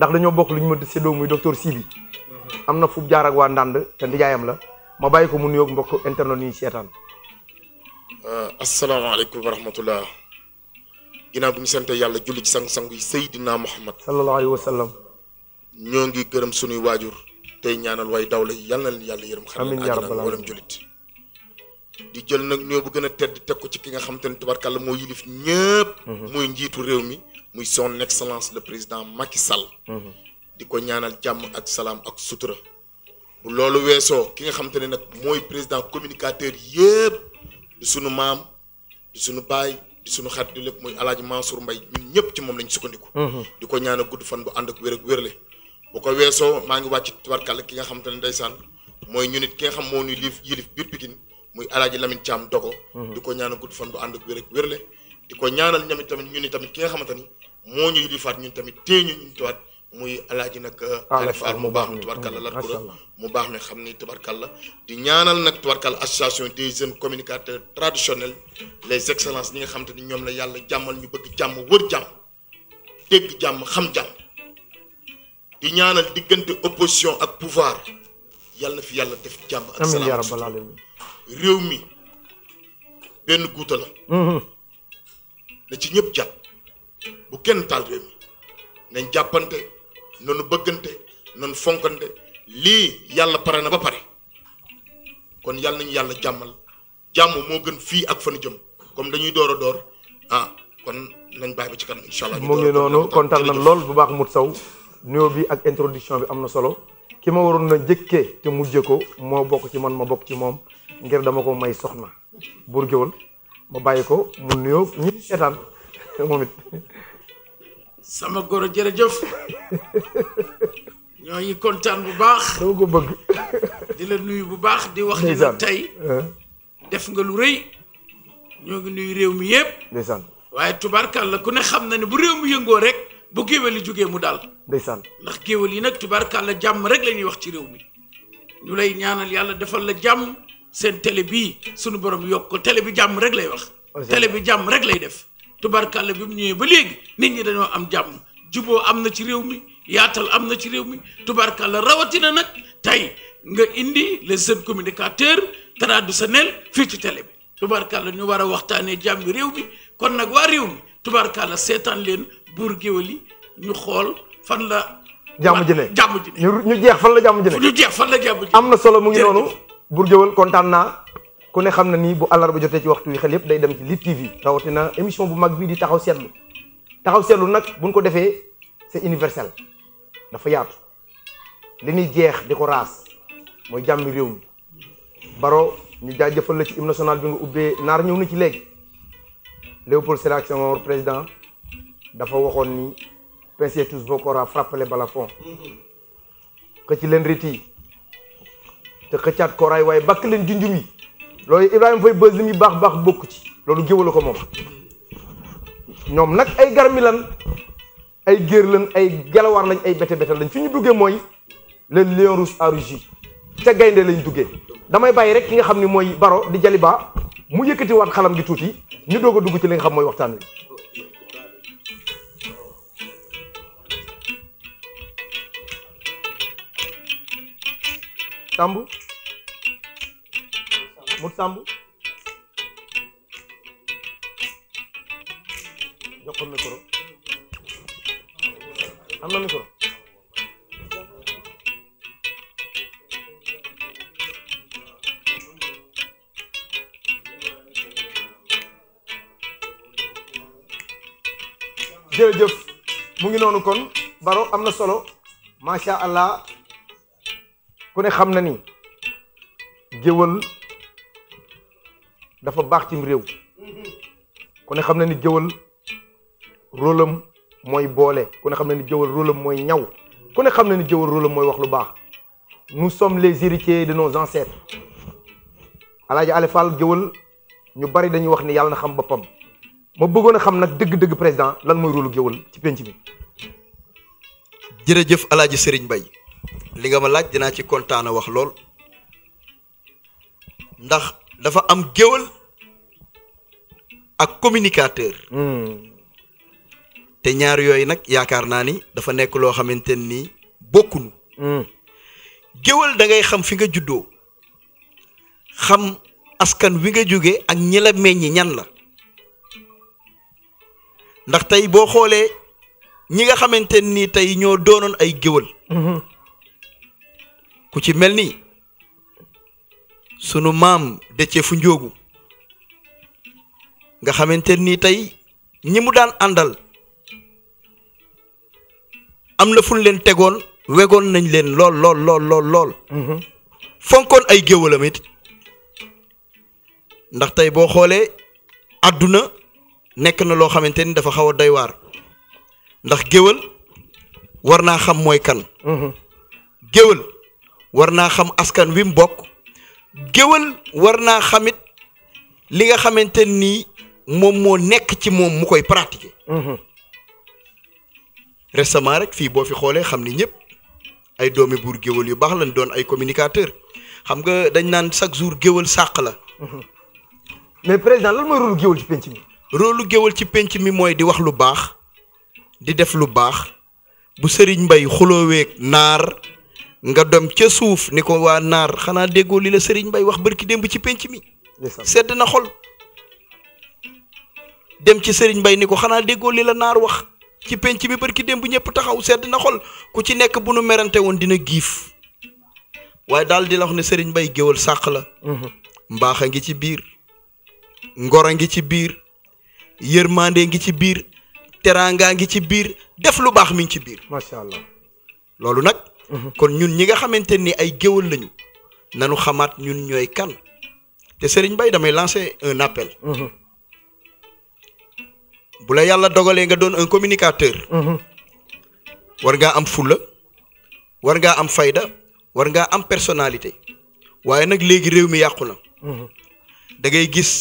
ndax dañoo bokk lu ñu ma séddoo muy docteur Sibi am na fu jaar ak waa Ndande te ndijaayam la ma bàyyi ko mu nuyoog mbokk internet yi seetaan. Euh, asalaamaaleykum wa rahmatullah ginnaaw bi ñu sant yàlla julli ci sang-sang yi Seydina Muhammad. sallallahu alayhi wa sallam. ñoo ngi gërëm sunuy waajur tey ñaanal waay dawla yi yal na yàlla yërëm. amiin yaa rabbal aalamiin jullit. di jël nag ñoo bu gën a tedd teg ko ci ki nga xam te ne tubarkàlla moo yilif ñëpp. Mhm. muy njiitu réew mi. muy son excellence le président Macky Sall. Mhm. di ko ñaanal jàmm ak salaam ak sutura. bu loolu weesoo ki nga xamante ne nag mooy président communicateur yëpp di sunu maam di sunu baay di sunu xarit di lépp muy alaaji Mansour Mbaye ñun ñëpp ci moom lañ sukkandiku. Mhm. di ko ñaanal gudd fan bu ànd ak wér ak wérle. bu ko weesoo maa ngi wàcc tubarkàlla ki nga xamante ne ndeysaan mooy ñu nit ki nga xam moo ñuy yilif yilif biir Pikine muy alaaji Lamine Thiam mhm. di ko ñaanal gudd fan bu ànd ak wér ak di ko ñaanal ñami tamit ñu ni tamit ki nga xamante ni. moo ñu yilifaat ñu tamit téye ñu ñu tuwaat muy alaaji nag euh, ah, alifaar mu baax mi tubarkalla lat kura mu baax mi xam ni la di ñaanal nag tubarkalla association des jeunes communicateurs traditionnels les excellences ñi nga xam ni ñoom la yàlla jàmmal ñu bëgg jàmm wër jàmm dégg jàmm xam jàmm di ñaanal diggante opposition ak pouvoir yàlla na fi yàlla def jàmm ak salaam réew mi benn guuta mm-hmm. na ci ñëpp jàpp bu kenn taal réew mi nañ jàppante noonu bëggante noonu fonkante lii yàlla pare na ba pare kon yàlla nañu yàlla jàmmal jàmm moo gën fii ak fanu jëm comme dañuy door a door ah kon nañ bàyyi ba ci kanam incha allah. mu ngi noonu kontaan nañ lool bu baax mut saw nuyoo bi ak introduction bi am na solo ki ma waroon na jëkkee te mujjee ko moo bokk ci man ma bokk ci moom ngir dama ko may soxna buur géwël ma bàyyi ko mu nuyoo ñi seetaan moom it. sama goro jërëjëf ñoo ngi kontaan bu baax. ko bëgg. di la nuyu bu baax di wax. ni la tey uh-huh. def nga lu rëy. ñoo ngi nuyu réew mi yëpp. ndeysaan waaye la ku ne xam na ne bu réew mu yëngoo rek bu géwél yi jógee mu daal. ndeysaan ndax géwél yi nag la jàmm rek lañuy wax ci réew mi. ñu lay ñaanal yàlla defal la jàmm seen télé bi sunu borom yokk ko bi jàmm rek lay wax. télé bi jàmm rek lay def. tubarkàlla bi mu ñëwee ba léegi nit ñi dañoo am jàmm juboo am na ci réew mi yaatal am na ci réew mi la rawatina nag tey nga indi les jeunes communicateurs traditionnels fii ci tele bi la ñu war a waxtaanee jàmm bi réew mi kon nag waa réew mi tubarkàlla seetaan leen buur géwél yi ñu xool fan la. jàmm ji ne ji ne ñu jeex fan la jàmm ji ne. jeex fan la jàmm ji am na solo mu ngi noonu. buur géwél kontaan ku ne xam na ni bu àllarba jotee ci waxtu wi xel yëpp day dem ci Lutte TV rawatina émission bu mag bii di taxaw seetlu taxaw seetlu nag bu buñ ko defee c'est universel dafa yaatu li ñuy jeex di ko raas mooy jàmmi réew mi Baro ñu jaajëfal la ci hymne national bi nga ubbee naar ñëw na ci léegi Léopold Sédar Senghor président dafa waxoon ni pincez tous vos corps à frapper les balafons xëcc leen riti te xëccaat kooraay waaye bakk leen junjum yi loolu Ibrahima Faye bës li muy baax baax bokk ci loolu géwala ko moom ñoom nag ay garmi lan ay géer lan ay gelawaar lañ ay bete bete lañ fi ñu duggee mooy le lion rouge à rougi ca gaynde lañ duggee damay bàyyi rek ki nga xam ni mooy baro di jalibaa mu yëkkati waat xalam gi tuuti ñu doog a dugg ci li nga xam mooy waxtaan wi tàmb Modou Samb jox na micro mu ngi noonu kon am na solo macha allah ku ne xam na ni géwël dafa baax cim réew ku ne xam na ni géwal rôlam mooy boole ku ne xam na ni géwal rôlam mooy ñaw ku ne xam na ni géwal rôlam mooy wax lu baax nous sommes les héritiers de nos ancêtres Alaaji Ale Fall géwal ñu bari dañuy wax ni yàlla na xam boppam ma bëggoon a xam nag dëgg-dëgg président lan mooy rôlu géwal ci penc bi jërëjëf Alaaji Sëriñ Bay li nga ma laaj dinaa ci kontaan a wax lool ndax dafa am géwal ak communicateur hmm. te ñaar yooyu nag yaakaar naa ni dafa nekk loo xamante nii bokkunu hmm. géwal da ngay xam fi nga juddoo xam askan wi nga jóge ak ñi la meññi ñan la ndax tey boo xoolee ñi nga xamante nii tey ñoo doonoon ay géwal hmm. ku ci mel nii sunu maam Déthié fu Ndiogou nga xamante ni tey ñi mu daan àndal am na fu ñu leen tegoon wegoon nañ leen lool lool lool mhm. fonkoon ay géwalam ndax tey boo xoolee àdduna nekk na loo xamante ni dafa xaw a doy waar ndax géwal war naa xam mooy kan mhm. géwal war naa xam askan wi mu bokk géwal war naa xamit li nga xamante nii moom moo nekk ci moom mu koy pratiquer. Mhm. récemment rek fii boo fi xoolee xam ni ñëpp ay doomi buur géwal yu baax lañ doon ay communicateur xam nga dañ naan chaque jour géwal sàq la. Mhm. mais président lan mooy rôle géwal ci penc mi. rôle géwal ci pénc mi mooy di wax lu baax di def lu baax bu sëriñ mbay xulooweeg naar. nga dem ca suuf ni ko waa naar xanaa déggoo li la Serigne Mbaye wax barki démb ci pénc mi. sedd na xol. dem ci sëriñ Mbaye ni ko xanaa déggoo li la naar wax ci penc mi barki démb ñëpp taxaw sedd na xol ku ci nekk bu nu merante woon dina giif waaye daal di la wax ne sëriñ Mbaye géwal sàq la. Mhm. mbaax a ngi ci biir. ngor a ngi ci biir. yërmande ngi ci biir. teraanga ngi ci biir. def lu baax mi ngi ci biir. macha loolu nag. Mhm. kon ñun ñi nga xamante ni ay géwal lañu nanu xamaat ñun ñooy kan te sëriñ bay damay lancer un appel. Mhm. bu la yàlla dogalee nga doon un communicateur. Mhm. war ngaa am fulla war ngaa am fayda war ngaa am personnalité waaye nag léegi réew mi yàqu na. da ngay gis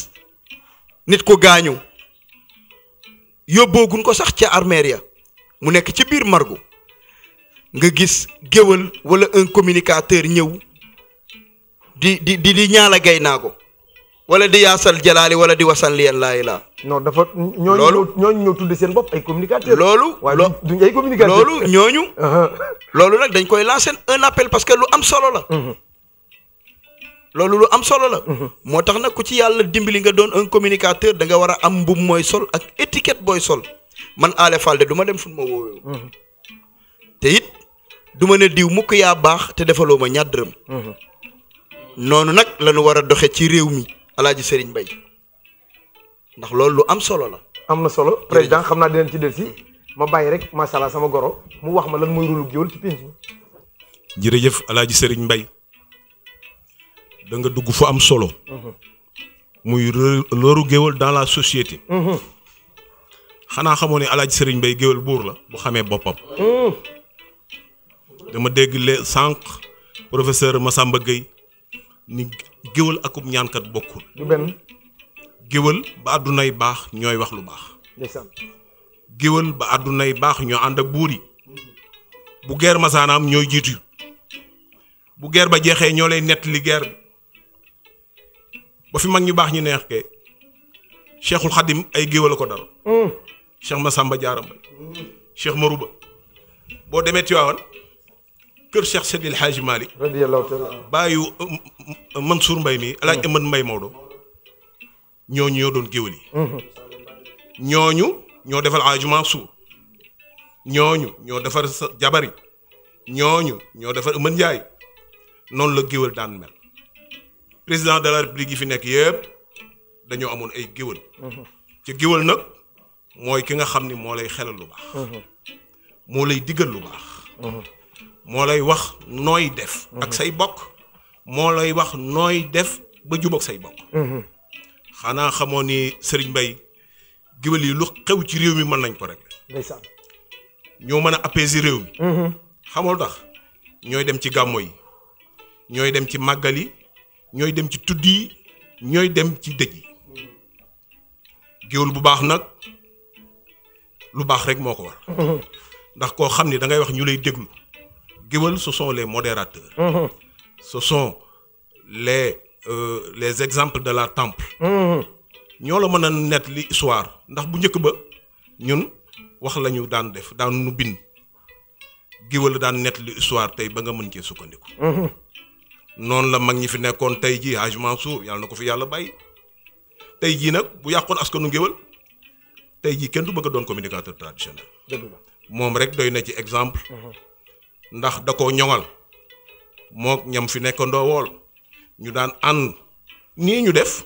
nit ko gaañu yóbbooguñ ko sax ca armeer ya mu nekk ci biir margo nga gis géwal wala un communicateur ñëw di di di di ñaala gay naa ko wala di yaasal jalaali wala di wasan li yàlla laa. non dafa ñooñu ñooñu ñoo seen bopp ay communicateur. loolu waaye duñ ay communicateur loolu ñooñu. Uh-huh. loolu nag dañ koy lancer un appel parce que lu am solo la. Uh-huh. loolu lu am solo la. Uh-huh. moo tax nag ku ci yàlla dimbali nga doon un communicateur da nga war a am mbub mooy sol ak étiquette booy sol man Alé Fall de du ma dem fu ma woowee. te du ma ne diw mukk yaa baax te defaloo ma ñaar dërëm mhm. noonu nag la ñu war a doxe ci réew mi alaaji sëriñ mbay ndax loolu lu am solo la am na solo président xam naa dinañ ci del si mm. ma bàyyi rek macha allah sama goro mu wax ma lan mooy rôle géwël ci pénc mi jërëjëf alaaji Serigne Mbaye da nga dugg fu am solo mhm. muy loru géwël dans la société mhm. xanaa xamoo ne alaaji sëriñ Mbaye géwël buur la bu xamee boppam mm. dama dégg sànq professeur Massamba Gueye ni géwal akub ñaankat bokkul. du benn. géwal ba baax ñooy wax lu baax. ndeysaan. ba àdduna yi baax ñoo ànd ak buur yi. bu geer masaanaam ñooy jiitu bu geer ba jeexee ñoo lay nett li geer ba fi mag ñu baax ñu neex ke cheikhul xadim ay géwal a ko dara. Mm. cheikh Massamba Diarra Mbaye. cheikh Marouba boo demee Tiwaawan kër Cheikh Seydil Hadji Malick baayu euh, Mansour Mbaye mii alaaj ëmmat Mbaye Maodo ñooñu ñoo doon géwél yi mm-hmm. ñoo defal Hadji Mansour ñooñu ñoo defar sa jabari ñooñu ñoo defar ëmmat Ndiaye noonu la géwél daan mel président de la république yi fi nekk yëpp dañoo amoon ay géwél mm-hmm. ci géwél nag mooy ki nga xam ni moo lay xelal lu baax mm-hmm. moo lay diggal lu baax moo lay wax nooy def. ak mhm. say bokk moo lay wax nooy def ba jubóog say bokk. Mhm. xanaa xamoo ni sëriñ mbay géwél yi lu xew ci réew mi mën nañ ko rek. ndeysaan ñoo mën a apaiser réew mi. Mhm. xamoo tax ñooy dem ci gàmmo yi ñooy dem ci màggal yi ñooy dem ci tudd yi ñooy dem ci dëj yi. géwél bu baax nag lu baax rek moo ko war. ndax koo xam ni dangay wax ñu lay déglu. Gueweul ce sont les modérateurs. Mmh. Ce sont les euh, exemples de la temple. Mm-hmm. ñoo la mën a net li histoire ndax bu njëkk ba ñun wax lañu daan def daan nu bind. Gueweul daan nett li histoire tey ba nga mën cee sukkandiku. Mm-hmm. noonu la mag ñi fi nekkoon tey jii Hadj Mansour yàlla na ko fi yàlla bàyyi. tey jii nag bu yàqoon askanu Gueweul tey jii kenn du bëgg doon communicateur traditionnel. moom rek doy na ci exemple. Mm-hmm. ndax da ko ñoŋal mook ñam fi nekk ndoowool ñu daan ànd nii ñu def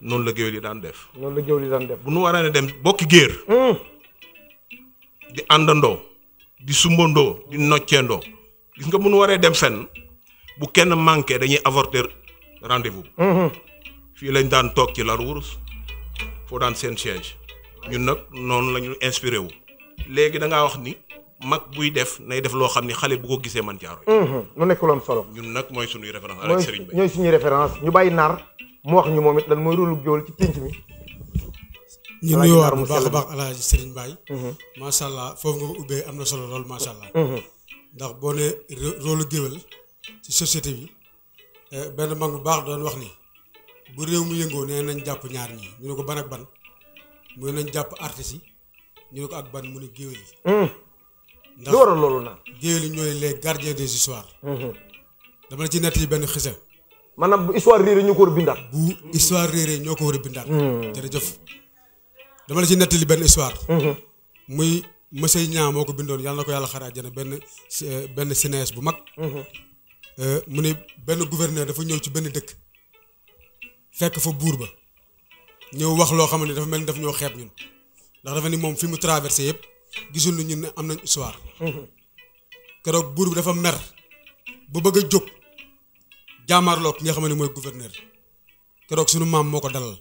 noonu la géwél yi daan def. noonu la géwél yi daan def bu nu waree dem bokki géer. Hmm. di àndandoo di sumbandoo di noccendoo gis nga bu nu waree dem fenn bu kenn manqué dañuy avorter rendez-vous. Hmm. fii lañ daan toog ci lalu wurus foo daan seen siège ñun nag noonu lañu ñu wu léegi da ngaa wax ni. mag buy def nay def loo xam ni xale bu ko gisee man jaaro mhm. mu nekk loon solo ñun nag mooy suñuy référence alaaj sëriñ Bay ñooy suñuy référence ñu bàyyi naar mu wax ñu moom it lan mooy rôle géwél ci pénc mi ñu nuyuwaat bu baax a baax alaaj sëriñ mhm. macha allah foofu nga am na solo lool macha allah mhm. ndax boo ne rôle géwél ci société bi eh, benn mag bu baax doon wax ni bu réew mu yëngoo nee nañ jàpp ñaar ñi ñu ne ko ban ak ban mu ne nañ jàpp artiste yi ñu ne ko ak ban mu ne géwél yi lu waral loolu naa géwél yi ñooy les gardiens des histoires. Mhm. dama la ci nettali benn xisa. maanaam bu histoire réeré ñoo ko war a bindaat. bu histoire réeré ñoo ko war a bindaat. Mhm. jërëjëf dama la ci nettali benn histoire. Mhm. muy monsieur Niang ko bindoon yàlla na ko yàlla xaar àjjana benn benn cinéaste bu mag. Euh, mu ne benn gouverneur dafa ñëw ci benn dëkk. fekk fa buur ba. ñëw wax loo xam ni dafa mel ni daf ñoo xeeb ñun. ndax dafa ni moom fi mu traversé yëpp. gisul ñu ne am nañ histoire. Mhm. keroog buur bi dafa mer bu bëgg a jóg jaamaarloo ki nga xam ne mooy gouverneur keroog sunu maam moo ko dalal.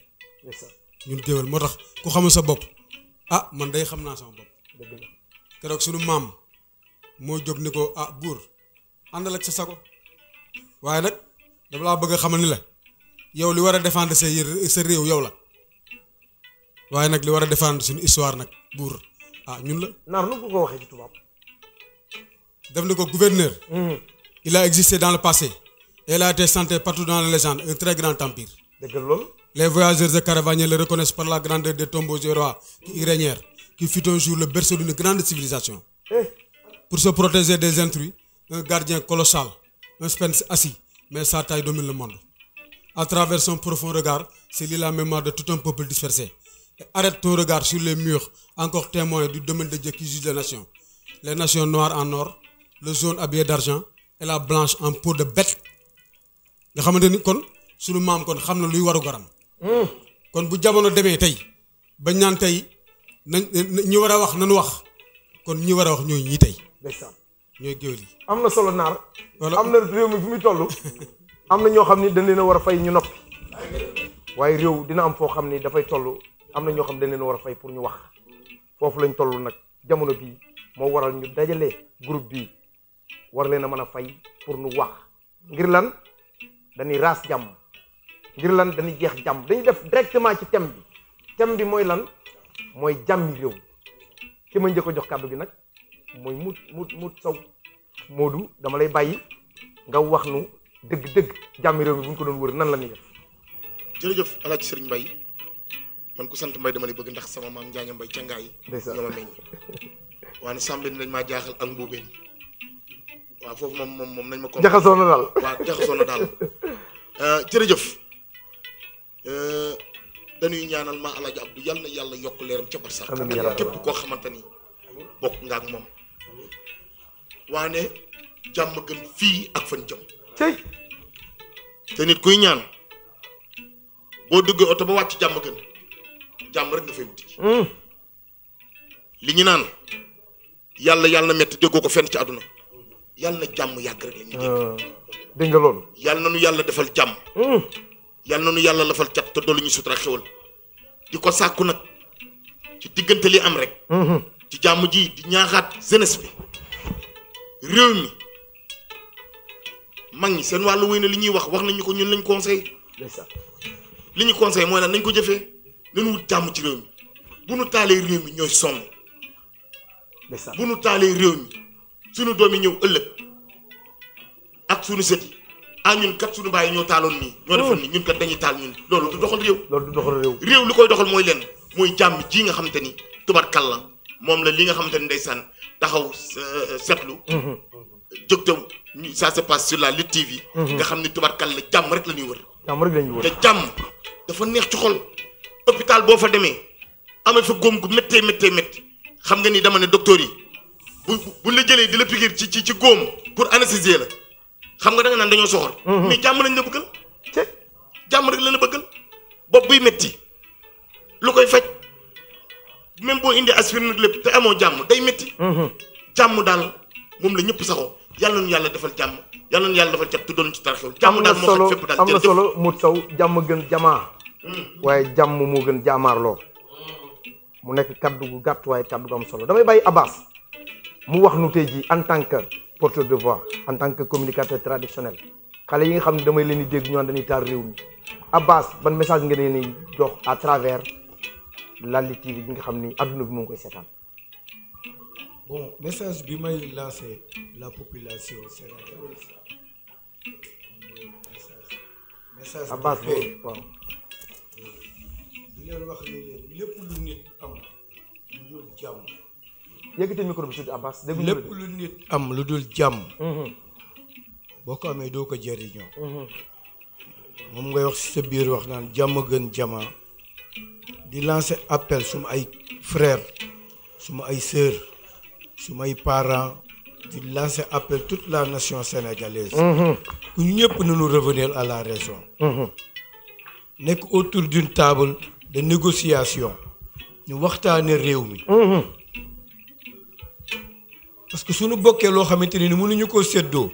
ñun géwél moo tax ku xamul sa bopp ah man day xam naa sama bopp. keroog sunu maam moo jóg ni ko ah buur àndal ak sa sago waaye nag dafa laa bëgg xamal ni la yow li war a défendre sa sa réew yow la waaye nag li war a défendre suñu histoire nag buur. ah ñun la. naar nu ko waxee ci tubaab. def na ko gouverneur. Mm-hmm. il a existé dans le passé. et il a été chanté partout dans la légende un très grand empire. dëgg loolu. les voyageurs et caravaniers le reconnaissent par la grandeur des tombeaux des rois qui y qui fut jour le berceau d'une grande civilisation. Eh. pour se protéger des intrus un gardien colossal un sphinx assis mais sa taille domine le monde. à travers profond regard c'est lire la mémoire de tout un dispersé. et arrête ton regard sur les murs encore témoins du domaine de Dieu qui juge les nations les nations noires en or le jaune habillé d'argent et la blanche en peau de bête nga xamante ni kon suñu maam kon xam na luy waru garam hmm. kon bu jamono demee tey bañ naan tey nañ ñi war a wax nañu wax kon ñi war a wax ñooy ñii tey ñooy géwél yi am na solo naar am na réew mi fi muy toll am na ñoo xam ni dañ leen a war a fay ñu noppi waaye réew dina am foo xam ni dafay toll am na ñoo xam dañ leen war a fay pour ñu wax foofu lañ tollu nag jamono bii moo waral ñu dajale groupe bi war leen a mën a fay pour nu wax ngir lan dañuy ras jàmm ngir lan dañuy jeex jàmm dañuy def directement ci tem bi thème bi mooy lan mooy jàmmi réew ki ma njëkk a jox kàddu bi nag mooy mut mut mut saw Modou dama lay bàyyi nga wax nu dëgg-dëgg jàmmi réew mi bu ñu ko doon wër nan la ñuy def jërëjëf Alaaji Sëriñ Mbay man ku sant mbay dama lay bëgg ndax sama maam njaaña mbay ca ngaay ñoo ma meññ waaye ne sàmbe ni dañ maa jaaxal ak mbuubeen waaw foofu moom moom moom nañ ma ko jaxasoo na daal waaw jaxasoo na euh, jërëjëf euh, dañuy ñaanal ma alaaji Abdou yal na yàlla yokk leeram ca barsax képp koo xamante ni bokk nga ak moom waane ne jàmm gën fii ak fan jëm te nit kuy ñaan boo duggee oto ba wàcc jàmm gën jàmm rek nga fay wuti. Hmm. li ñu naan yàlla yàlla na métti déggoo ko fenn ci àdduna yàlla na jàmm yàgg rek la ñuy dégg. Ah. dégg nga loolu. yàlla na nu yàlla defal jàmm. Hmm. yàlla na nu yàlla lafal cat te dolli ñu sutura xewal di ko sàkku nag ci diggante li am rek. Hmm, ci jàmm ji di ñaaxaat jeunesse bi réew mi mag ñi seen wàllu wéy na li ñuy wax wax nañu ko ñun lañ conseil li ñu conseil mooy lan nañ ko jëfee. nañu wut jàmm ci réew mi bu nu taalee réew mi ñooy sonn. bu nu taalee réew mi suñu doom yi ñëw ëllëg ak suñu sët yi ah ñun kat suñu bàyyi ñoo taaloon nii. ñoo defoon nii ñun kat dañuy taal ñun loolu du doxal réew. loolu du doxal réew. réew li koy doxal mooy lenn mooy jàmm ji nga xamante ni tubarkal la moom la li nga xam xamante ni ndeysaan taxaw euh, seetlu. Mhm. jóg te ça se passe sur la Lutte TV. Mhm. nga xam ni tubarkal kal la ñuy jàmm rek la ñuy wër te jàmm dafa neex ci xol. hôpital boo fa demee amee fa góom gu méttee méttee métti xam nga ni dama ne docteur yi bu bu la jëlee di la piqûre ci ci ci góom pour anesthésier la xam nga da nga naan dañoo soxor. Mhm. mais jàmm lañ la bëggal. jàmm la la bëggal bopp buy métti lu koy faj boo indi aspirine lépp amoo jàmm day métti. Mhm. jàmm daal moom la ñëpp saxoo yàlla nu yàlla defal jàmm yàlla nu yàlla defal cat tuddoon ci tarxew jàmm daal moo faj fépp daal am na solo mu taw jàmm gën jamaa Mm. waaye jàmm moo gën jaamaarloo mu nekk kaddu gu gàtt waaye kaddu gu am solo damay bàyyi Abbas mu wax nu tey jii en tant que porteur de voix en tant que communicateur traditionnel xale yi nga xam ne damay leen di dégg ñu naan dañuy taal réew mi Abbas ban message nga leen di jox à travers Lali TV bi nga xam ni adduna bi moo ngi koy seetaan. bon message bi may la population sénégalaise. message message. Abbas leen wax lépp lu nit am lu dul jàmm. micro bi tuuti Abbas dégg am lu dul jàmm. Mm-hmm. boo ko amee doo ko jëriñoo. Mm-hmm. moom ngay wax si sa biir wax naan jàmm gën jama di lancer appel suma ay frères suma ay sœurs suma ay parents di lancer appel toute la nation sénégalaise. ku mm-hmm. ñëpp nañu revenir à la raison. nekk autour d'une table. de négociation ñu waxtaane réew mi mm-hmm. parce que suñu bokkee loo xamante ni mënuñu koo séddoo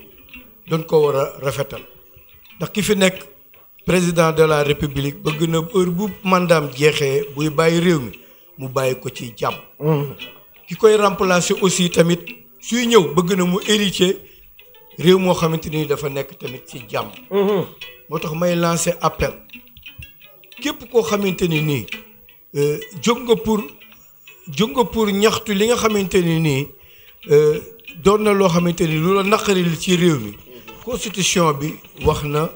doon ko war a rafetal ndax ki fi nekk président de la république bëgg na heure bu mandaam jeexee buy bàyyi réew mi mu bàyyi ko ci jàmm mm-hmm. ki koy remplacer aussi tamit suy ñëw bëgg na mu héritier réew moo xamante ni dafa nekk tamit ci jàmm mm-hmm. moo tax may lancer appel képp koo xamante ni nii euh, jóg nga pour jóg pour ñaxtu li nga xamante ni nii euh, doon na loo xamante ni lu la naqari li ci réew mi constitution bi wax na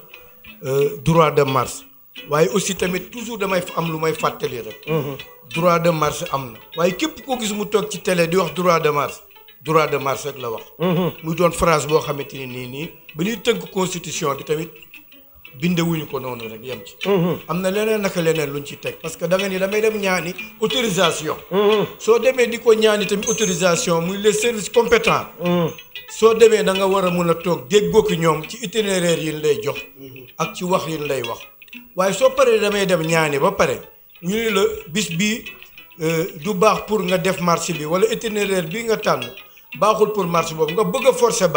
euh, droit de marche waaye aussi tamit toujours damay am lu may fàttali rek mhm. droit de marche am na waaye képp koo gis mu toog ci tele di wax droit de marche droit de marche rek la wax mhm. muy doon phrase boo xamante ni nii nii ba ñuy tënk constitution bi tamit bindewuñu ko noonu rek yem ci. Mhm. am na leneen naka leneen luñ ci teg parce que da nga damay dem ñaani autorisation. Mhm. soo demee di ko ñaani tamit autorisation muy les services compétent mhm. soo demee da nga war a mun a toog déggoo ki ñoom ci itinéraire yi ñu lay jox. ak ci wax yi ñu lay wax. waaye soo paree damay dem ñaani ba pare ñu ne la bis bii euh, du baax pour nga def marché bi wala itinéraire bii nga tànn baaxul pour marché boobu nga bëgg a forcer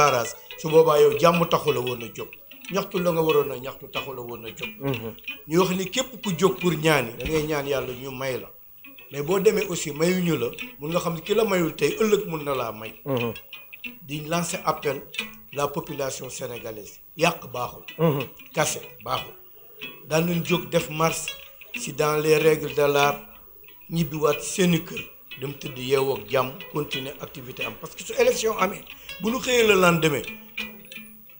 su boobaa yow jàmm taxu la woon a jóg. ñaxtu la nga waroon a ñaxtu taxu la woon a jóg mhm. ñu wax ni képp ku jóg pour ñaan da ngay ñaan yàlla ñu may la mais boo demee aussi mayuñu la mun nga xam ne ki la mayul tey ëllëg mun na laa may mhm. di lancer appel la population sénégalaise yàq baaxul mhm. kase baaxul daan nañ jóg def marche si dans les règles de l'art ñibbiwaat seeni kër dem tëdd yeewoo ak jàmm continuer activité am parce que su élection amee bu ñu xëyee la demee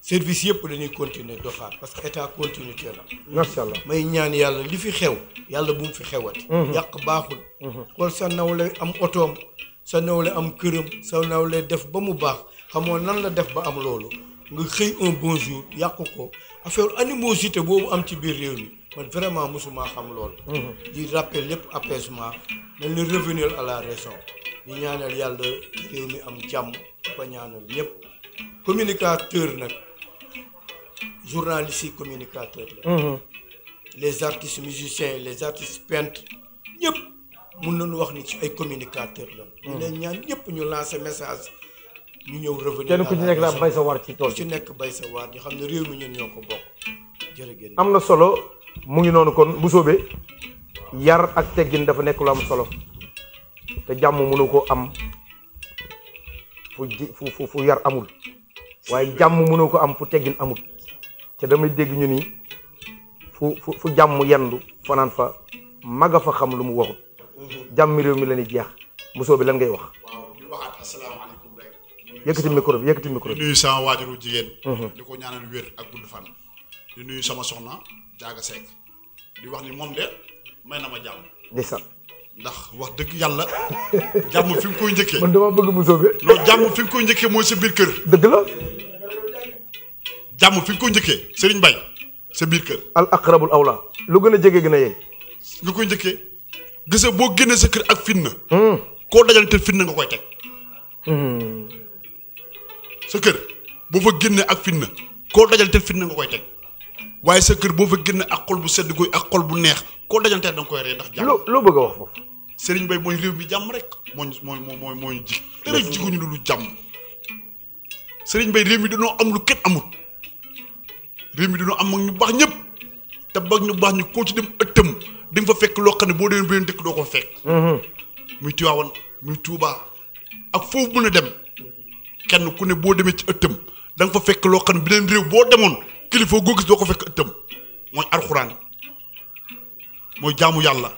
service yëpp dañuy continuer doxaat parce que état continuité la. macha allah may ñaan yàlla li fi xew. yàlla bu mu fi xewati. Mhm. yàq baaxul. kon mhm. sa nawle am otoom sa nawle am këram sa nawle def ba mu baax xamoo nan la def ba am loolu nga xëy un bon jour yàq ko affaire animosité boobu am ci biir réew mi man vraiment mosuma xam loolu. Mhm. di rappel lépp apaisement nañ la revenir à la raison di ñaanal yàlla réew mi am jàmm ba ñaanal ñëpp communicateur nag. journalistes yi communicateurs la mm-hmm. les artistes musiciens les artistes peintres ñëpp mun na nañu wax ni ci ay communicateurs la mm-hmm. ñu leen ñaan ñëpp ñu lancer message ñu ñëw revenir kenn ku ci nekk daal sa waar ci tool ci nekk bay sa waar di xam ne réew mi ñun ñoo ko bokk jërëjëf am na solo mu ngi noonu kon bu soobee yar ak teggin dafa nekk lu am solo te jàmm mënu ko am fu fu fu yar amul waaye jàmm mënu ko am fu teggin amul te damay dégg ñu ni fu fu fu jàmm yendu fanaan fa mag a fa xam lu mu waxut mhm. jàmm réew mi la ñuy jeex musoo bi lan ngay wax. waaw di waxaat asalaamaaleykum yëkkati micro bi yëkkati micro bi. di nuyu sama waajuru jigéen. Mhm. di ko ñaanal wér ak gudd sama soxna Jaaga Seck di wax ni moom de may na ma jàmm. ndeysaan. ndax wax dëgg yàlla jàmm fi nga koy njëkkee. man dama bëgg musoo bi. non jàmm fi nga koy njëkkee mooy sa biir kër. dëgg la. jàmm fi nga ko njëkkee sëriñ bay sa biir kër. al aqrabul awla lu gën a jege gën a yey. nga koy njëkkee gis boo génnee sa kër ak fitna. Hmm. koo dajalanteel fitna nga koy teg. Hmm. sa kër boo fa génnee ak fitna koo dajalanteel fitna nga koy teg waaye sa kër boo fa génnee ak xol bu sedd guy ak xol bu neex koo dajalanteel da nga koy rey ndax. jàmm loo bëgg a wax foofu. Serigne bay mooy réew mi jàmm rek moo ñu moo moo moo ñu ji. dara jiguñu lu lu jàmm sëriñ bay réew mi danoo am lu kenn amul. réew mi dañoo am mag ñu baax ñëpp te mag ñu baax ñu koo ci dem ëttam di nga fa fekk loo xam ne boo demee beneen dëkk doo ko fekk. Mhm. muy Tiwaawan muy Tuubaa ak foofu mën a dem kenn ku ne boo demee ci ëttam da nga fa fekk loo xam ne beneen réew boo demoon kilifa goo gis doo ko fekk ëttam mooy alxuraan mooy jaamu yàlla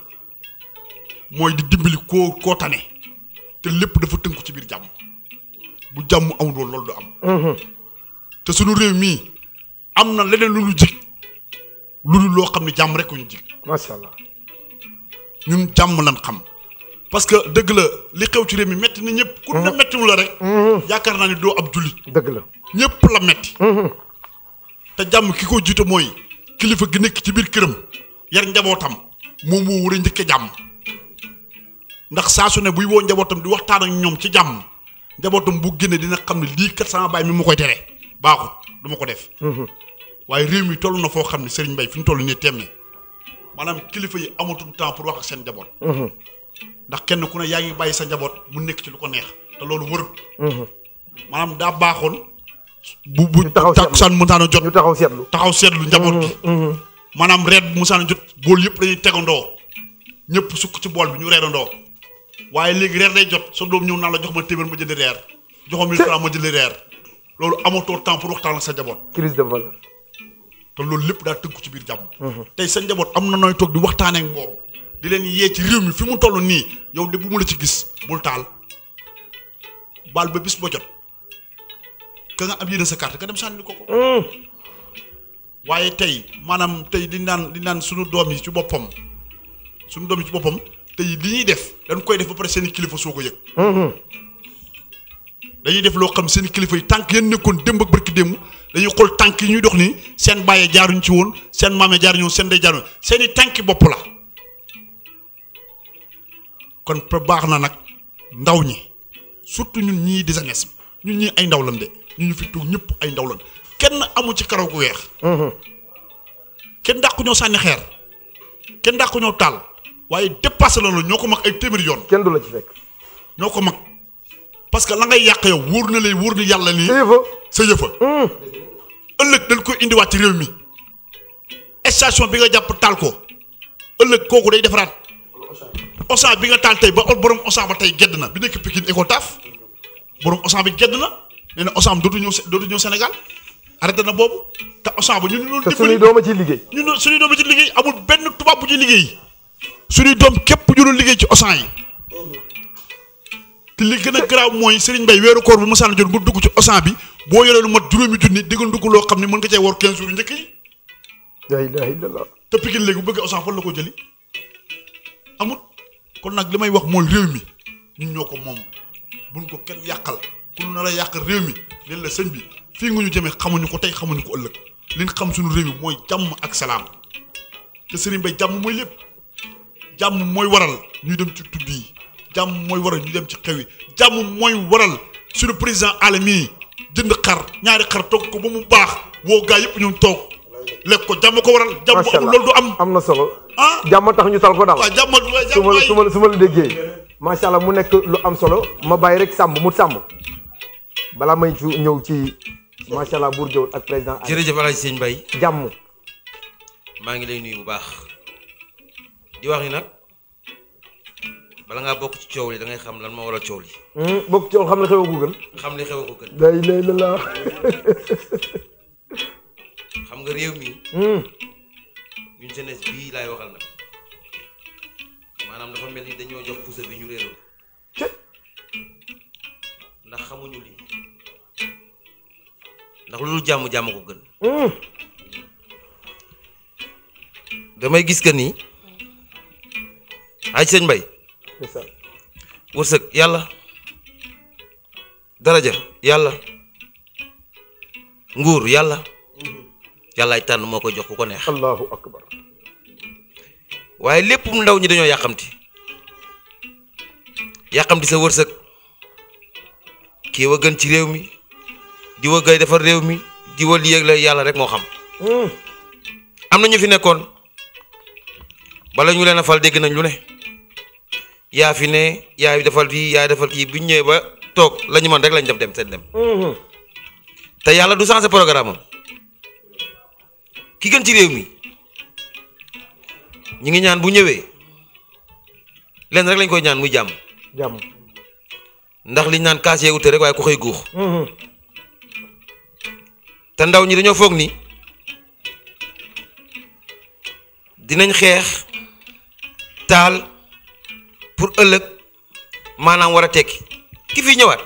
mooy di dimbali koo koo tane te lépp dafa tënku ci biir jàmm bu jàmm amul woon loolu du am. Mhm. te sunu réew mii. am na leneen lu ñu jig lu dul loo xam ne jàmm rek ko ñu jig. macha ñun jàmm lan xam. parce que dëgg la li xew ci réew mi métti na ñëpp. ku ne méttiwul mm-hmm. la rek. Mm-hmm. yaakaar naa ni doo ab jullit. dëgg la ñëpp la métti. Mm-hmm. te jàmm ki ko jiite mooy kilifa gi nekk ci biir këram yar njabootam moom moo war a njëkk jàmm ndax saa su ne buy woo njabootam di waxtaan ak ñoom ci jàmm njabootam bu génne dina xam ne lii kat sama baay mi mu koy tere baaxut duma ko def. waaye réew mi toll na foo xam ne Serigne Mbaye fi ñu toll nii temm maanaam kilifa yi amatul temps pour wax ak seen njaboot. Mhm. ndax kenn ku ne yaa ngi bàyyi sa njaboot mu nekk ci lu ko neex te loolu wër. Mhm. maanaam daa baaxoon. bu bu takkusaan musaana jot taxaw seetlu taxaw seetlu njaboot gi. Mhm, maanaam reer bu jot bool yëpp dañuy tegandoo ñëpp sukk ci bool bi ñu reerandoo waaye léegi reer day jot sa doom ñëw naa la jox ma téeméer ma jënd reer. jox ma mille reer. loolu amatoo temps pour waxtaan ak sa njaboot. crise de valeur. te loolu lépp daal tënku ci biir jàmm. Uh-huh. tey sa njaboot am na nooy toog di waxtaanee ak moom di leen yee ci réew mi fi mu toll nii yow de bu mu la ci gis bul taal baal ba bis ba jot ka nga am yéene sa carte nga dem sànni ko ko. Uh-huh. waaye tey maanaam tey di naan di naan suñu doom yi ci boppam suñu doom yi ci boppam tey li ñuy def dañ koy def ba pare seen kilifa soo ko yëg. Uh-huh. dañuy def loo xam seen i kilifa yi tànk yéen nekkoon démb ak démb. dañu xool tànk yi ñuy dox nii seen bàyyee jaaruñ ci woon seen maame jaar woon seen day jaaruñ seen i tànki bopp la kon baax na nag ndaw ñi surtout ñun ñii di jeunesse ñun ñii ay ndaw lañ de ñu ñu fi toog ñëpp ay ndaw kenn amul ci karaw gu weex. Mm-hmm. kenn dàqu ñoo sànni xeer kenn dàqu ñoo taal waaye dépassé la ñoo ko mag ay téeméeri yoon. kenn du la ci ñoo ko mag parce que la ngay yàq yow wóor na lay wóor na yàlla nii. sa yëfa sa yëfa. Mm. ëllëg dañ ko indiwaat ci réew mi station bi nga jàpp taal ko ëllëg kooku day defaraat osan bi nga taal tey ba borom osan ba tey gedd na bi nekk Pikine Icotaf borom osan bi gedd na nee na osan dootu ñëw dootu ñëw Sénégal arrêté na boobu te osan ba ñu ñu loolu suñuy doom a ci liggéey ñu suñuy doom a ci liggéey amul benn tubaab bu ci liggéey su nuy doom képp ñu doon liggéey ci osan yi te li gën a garaaw mooy Serigne Mbaye weeru koor bu masaan jot nga dugg ci osan bi boo yoree lu mat juróomi junni di nga dugg loo xam ne mën nga cay war 15 jours njëkk yi. la ilaha illallah. te Pikine léegi bu bëggee osan fan la ko jëli amut kon nag li may wax mooy réew mi ñun ñoo ko moom buñ ko kenn yàqal ku ñu nar a yàq réew mi leen la sëñ bi fii nga ñu jëmee xamuñu ko tey xamuñu ko ëllëg liñ xam suñu réew mi mooy jàmm ak salaam te Serigne Mbaye jàmm mooy lépp jàmm mooy waral ñuy dem ci tudd jàmm mooy waral ñu dem ci xew yi jàmm mooy waral suñu président alami jënd xar ñaari xar toog ko ba mu baax woo gaa yëpp ñu toog lekk ko jàmm ko waral. jàmm bu amul am am na solo. ah jàmm tax ñu tal ko daal. waaw jàmm jàmm su su ma déggee. macha allah mu nekk lu am solo. ma bàyyi rek sàmm mu sàmm. balaa may ju ñëw ci macha allah buur jëwul ak président. jërëjëf El Hadj Sëñ Mbaye. jàmm. maa ngi lay nuyu bu baax. wax ni nag. bala ngaa bokk ci coow li da xam lan moo waral coow li. Hmm, bokk coow xam li xew a ko gën. xam li xew a ko gën. nga réew mi. Hmm. ñun dafa mel ni bi ñu réeroo. ndax xamuñu li ndax loolu jàmm jàmm ko gën. Hmm. damay gis que ni ay sëñ Mbaye. wërsëg yàlla daraja yàlla nguur yàlla yàllaay tànn moo koy jox ku ko neex allahu akbar waaye lépp ndaw ñi dañoo yàqamti yàqamti sa wërsëg kii gën ci réew mi di wa gay defar réew mi di wa li yëg la yàlla rek moo xam hmm. am na ñu fi nekkoon bala ñu leen a fal dégg nañ lu ne yaa fi ne yaay defal fii yaay defal kii bu ñu ñëwee ba toog la ñu rek lañ def dem seen dem. Mhm. te yàlla du changé programme ki gën ci réew mi ñu ngi ñaan bu ñëwee lenn rek lañ koy ñaan muy jàmm. jàmm ndax liñ naan kaas yee rek waaye ku xëy guux. Mhm. te ndaw ñi dañoo foog ni dinañ xeex taal. pour ëllëg maanaam war a tekki ki fi ñëwaat.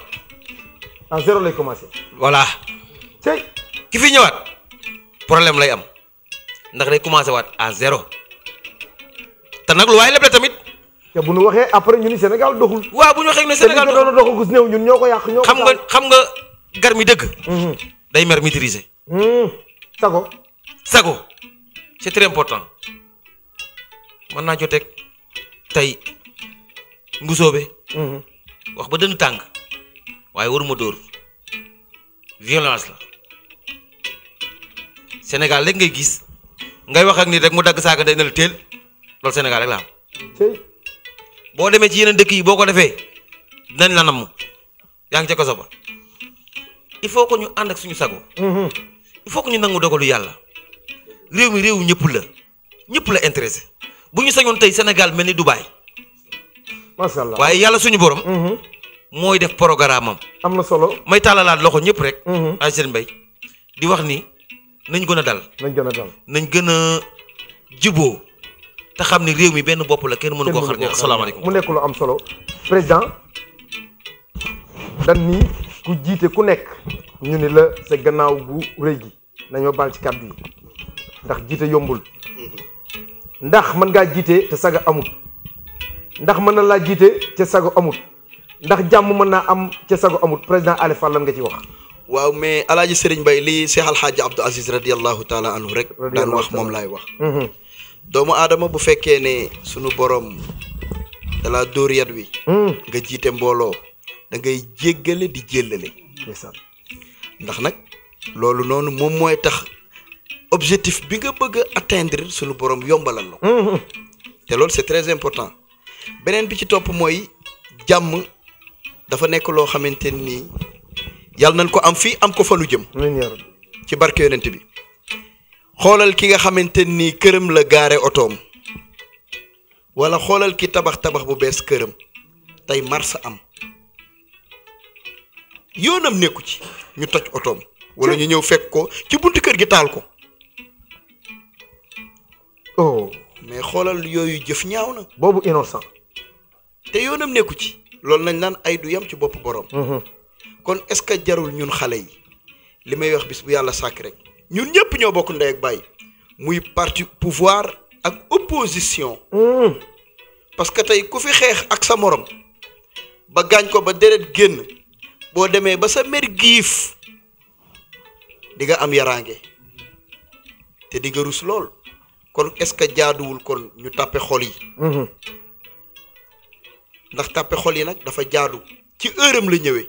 en lay commencé. voilà. ki fi ñëwaat problème lay am ndax day commencé waat à zéro te nag lu waaye lépp tamit. te bu nu waxee après ñu ni Sénégal doxul. waaw bu ñu waxee ne Sénégal doxul te doxul gis néew ñun ñoo ko yàq. ñoo xam nga xam nga gar mi dëgg. Mhm. day mer maîtriser. Mhm. sago. sago c'est très important mën naa joteeg tey. ngusoobe mhm. wax ba dënn tàng waaye waruma dóor violence la Sénégal rek ngay gis ngay wax ak nit rek mu dagg saaga day na la teel loolu Sénégal rek boo demee ci yeneen dëkk yi boo ko defee dinañ la namm yaa ngi ca kaso ba il faut que ñu ànd ak suñu sago mhm. il faut que ñu nangu dogalu yàlla réew mi réew ñëpp la ñëpp la intéressé bu ñu sañoon tey Sénégal mel ni Dubaï macha allah waaye yàlla suñu borom. Mm-hmm. mooy def programme am. na solo may tàllalaat loxo ñëpp rek. Mm-hmm. ay seen mbay di wax ni nañ gën a dal. nañ gën a dal nañ gën a juboo te xam ni réew mi benn bopp la kenn mënu koo xar ñaar asalaamaaleykum mu nekk lu am solo président dan ni ku jiite ku nekk ñu ni la sa gannaaw gu rëy gi nañoo baal ci kàddu yi ndax jiite yombul mm-hmm. ndax mën ngaa jiite te saga amul. ndax mën na laa jiite ca sago amut ndax jàmm mën naa am ca sago amut président Alé Fall lan nga ci wax. waaw mais El Hadj Serigne Mbaye lii Cheikh Al Hadj Abdou Aziz radiyallahu taala anhu rek. daan wax moom laay wax. Mhm. doomu aadama bu fekkee ne sunu boroom da door dóor yat wi. Mhm. nga jiite mbooloo da ngay jéggale di jéllale. ndax nag loolu noonu moom mooy tax objectif bi nga bëgg a atteindre sunu borom yombalal la mhm. te loolu c'est très important. beneen bi ci topp mooy jàmm dafa nekk loo xamante ni yàlla nañ ko am fii am ko fa lu jëm. ci barke yonent bi xoolal ki nga xamante ni këram la gaare otoom wala xoolal ki tabax tabax bu bees këram tey mars am yoonam nekku ci ñu toj otoom. wala ñu ñëw fekk ko ci buntu kër gi taal ko. Oh. mais xoolal yooyu jëf ñaaw nag boobu innocent. te yoonam nekku ci. loolu nañ naan ay du yam ci bopp borom. Mm-hmm. kon est-ce que jarul ñun xale yi li may wax bis bu yàlla sàkk rek ñun ñëpp ñoo bokk ndey ak bàyyi muy parti pouvoir ak opposition. Mm-hmm. parce que tey ku fi xeex ak sa morom ba gaañ ko ba deret génn boo demee ba sa mer giif di nga am yaraange te di nga rus lool. kon est-ce que jaaduwul kon ñu tàppe xol yi mhm. ndax tàppe xol yi nag dafa jaadu ci heure am la ñëwee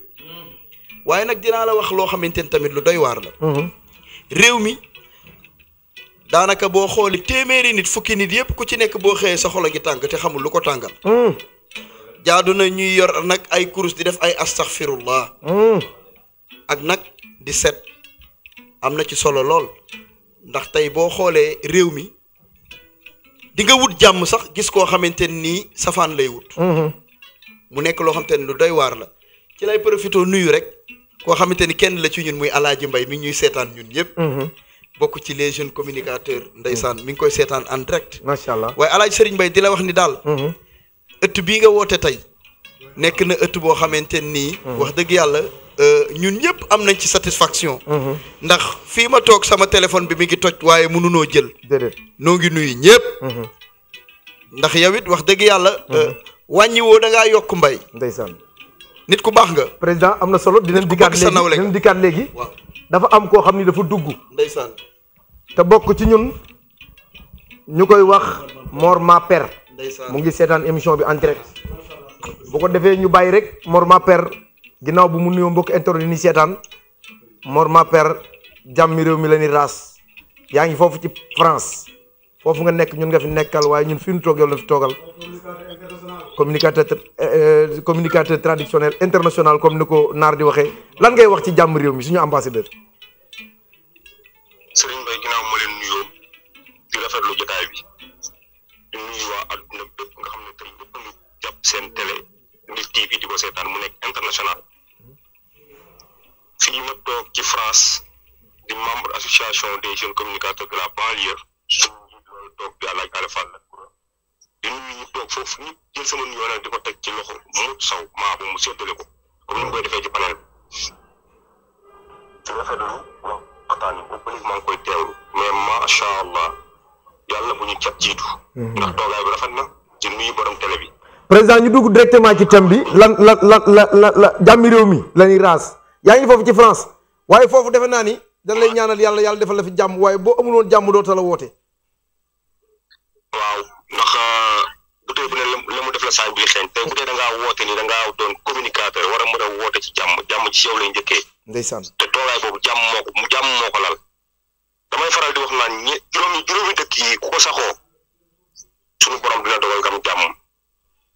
waaye nag dinaa la wax loo xamante ni tamit lu doy waar la mhm. réew mi daanaka boo xooli téeméeri nit fukki nit yëpp ku ci nekk boo xëyee sa xol gi ngi tàng te xamul lu ko tàngal mhm. jaadu na ñuy yor nag ay kurus di def ay astaghfirullah ak nag di set am na ci solo lool ndax tey boo xoolee réew mi di nga wut jàmm sax gis koo xamante nii safaan lay wut. Mhm. mu nekk loo xamante ni lu doy waar la ci lay profité nuyu rek koo xamante ni kenn la ci ñun muy ji Mbay mi ñuy seetaan ñun ñëpp. Mhm. bokk ci les jeune communicateur ndeysaan mi ngi koy seetaan en direct. macha allah waaye Alaaji Serigne Mbay di la wax ni daal. Mhm. ëtt bii nga woote tey. nekk na ëtt boo xamante nii. wax dëgg yàlla. Euh, ñun ñëpp am nañ ci satisfaction. Mhm. ndax fii ma toog sama téléphone bi mi ngi toj waaye mënunoo jël. déedéet noo ngi nuyu ñëpp. Mhm. ndax yow wax dëgg yàlla. Euh, mhm. wàññiwoo da ngaa yokk mbay. ndeysaan nit ku baax nga. président am na solo dinañ dikkaat léegi dinañ dikkaat léegi. waaw dafa am koo xam ni dafa dugg. ndeysaan te bokk ci ñun ñu koy wax Mor ma père. mu ngi seetaan émission bi en direct ko defee ñu bàyyi rek Mor ma ginnaaw bu mu nuyoo mbokk internet yi ni seetaan Mor Mapper jàmmi réew mi la raas yaa ngi foofu ci France foofu nga nekk ñun nga fi nekkal waaye ñun fi ñu toog la fi toogal communicateur euh, communicateur international comme ni ko naar di waxe lan ngay wax ci jàmm réew mi suñu ambassadeur. ñu jàpp seen télé ngir TV di seetaan mu nekk international. fii ma toog ci France di membre association des jeunes communicateur de la banlieue suñu njiit loolu toog bi àllaaj Alpha Lacoura di nuyu ñu toog foofu ñëpp jël sama nuyoo nag di ko teg ci loxo mu saw mu séddale ko comme ni mu koy defee ci panel bi rafetlu koy teewlu mais macha allah yàlla bu ñu cat jiitu mhm. ndax toogaay rafet na ci nuyu borom télé bi président ñu dugg directement ci thème bi lan la la la la jàmmi mi lañuy raas yaa ngi foofu ci France waaye foofu defe naa ni dañ lay ñaanal yàlla yàlla defal fi jàmm waaye boo amul woon jàmm doo ta woote. waaw ndax euh, butee bu ne la mu def la saay bi xeeñ te bu dee da ngaa woote ni da ngaa doon communicateur war a mën a woote ci jàmm jàmm ci yow lay njëkkee. ndeysaan te toogaay boobu jàmm moo ko jàmm moo ko damay faral di wax naan ñe juróomi juróomi dëkk yi ku ko saxoo suñu borom dina dogal kam jàmm.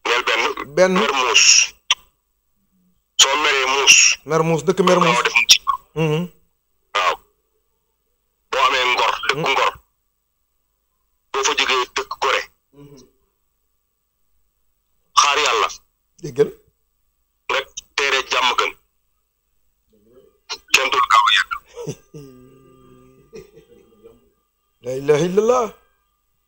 neel benn. benn Mermoz soo meree muus. mer muus dëkk mer muus def mu jikko. waaw boo ngor dëkk mm-hmm. ngor boo fa jógee dëkk gore mm-hmm. xaar yàlla. déggal nga teere jàmm gën kenn dul gaaw a yàgg.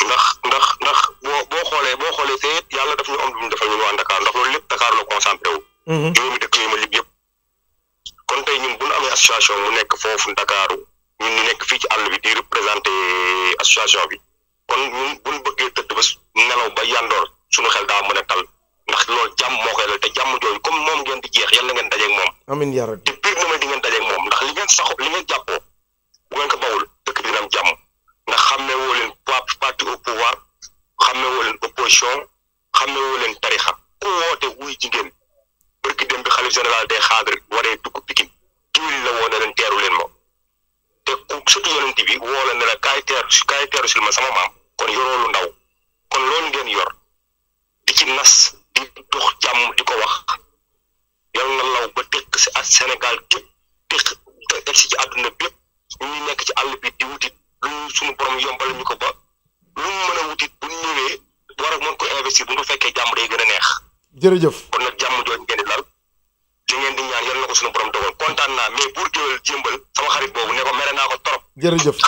ndax ndax ndax boo boo xoolee boo xoolee te yàlla daf ñu am lu mu defal ñun waa Ndakaar ndax loolu lépp. concentré wu. Mhm. juróomi dëkk yooyu ma lim yëpp. kon tey ñun bu amee association mu nekk foofu Ndakaaru ñun ñu nekk fii ci àll bi di représenté bi kon bu ñu bëggee tëdd ba nelaw ba yandoor sunu xel daa mën a tal ndax loolu jàmm moo koy lal te jàmm jooju comme moom ngeen di jeex yàlla ngeen dajeeg moom. amiin yaa rabbi te moom di ndax li ngeen saxo li ngeen jàppoo bu ngeen ko bawul dëkk bi dina am jàmm ndax xamee woo leen parti au pouvoir xamee woo leen opposition xamee woo leen tarixa ku woote wuy jigéen barki dem bi xalif général day xaadar waree dugg pikin jiwli la woo ne leen teeru leen ma te ku surtout yonent bi woo la ne la teeru sil ma sama maam kon yoroo lu ndaw kon loolu ngeen yor di ci nas di dox jàmm di ko wax yal na law ba tekk si ak Sénégal képp tekk si ci àdduna bépp ñu nekk ci àll bi di wuti lu suñu borom yombal ñu ko ba lu mën a wutit bu ñëwee war a mën ko investir bu ñu fekkee jàmm day gën a neex jërëjëf kon naa jërëjëf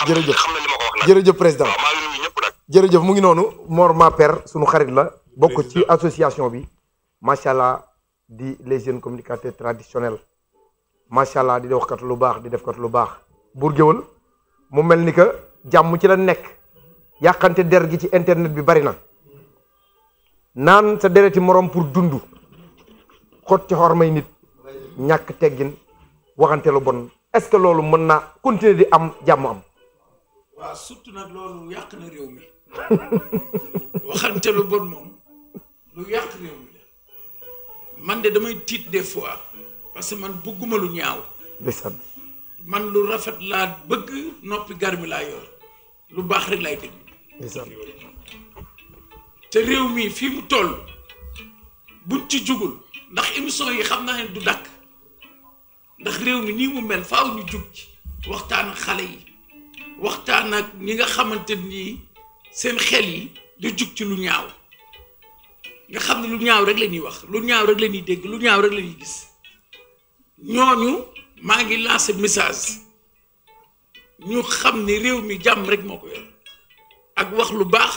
jërëjëf président waaw maa jërëjëf mu ngi noonu Mor per suñu xarit la bokk ci association bi macha allah di les jeunes communicateurs traditionnels macha allah di wax kat lu baax di def kat lu baax buur géwél mu mel ni que jàmm ci la nekk yàqante der gi ci internet bi bari na naan sa dereti morom pour dund xot ci xormay nit ñàkk teggin waxante lu bon est-ce que loolu mën naa continuer di am jàmm am. waaw surtout nag loolu yàq na réew mi waxante lu bon moom lu yàq réew mi la man de damay tiit des fois parce que man bëgguma lu ñaaw. ndeysaan. man lu rafet laa bëgg noppi garmi laa yor lu baax rek laay déglu. te réew mii fii mu toll buñ ci jugul ndax émission yi xam naa ne du dakk ndax réew mi nii mu mel faaw ñu jug ci waxtaan ak xale yi waxtaan ak ñi nga xamante nii seen xel yi di jug ci lu ñaaw nga xam ne lu ñaaw rek la ñuy wax lu ñaaw rek la ñuy dégg lu ñaaw rek la ñuy gis ñooñu maa ngi lancé message ñu xam ne réew mi jàmm rek moo ko yor ak wax lu baax.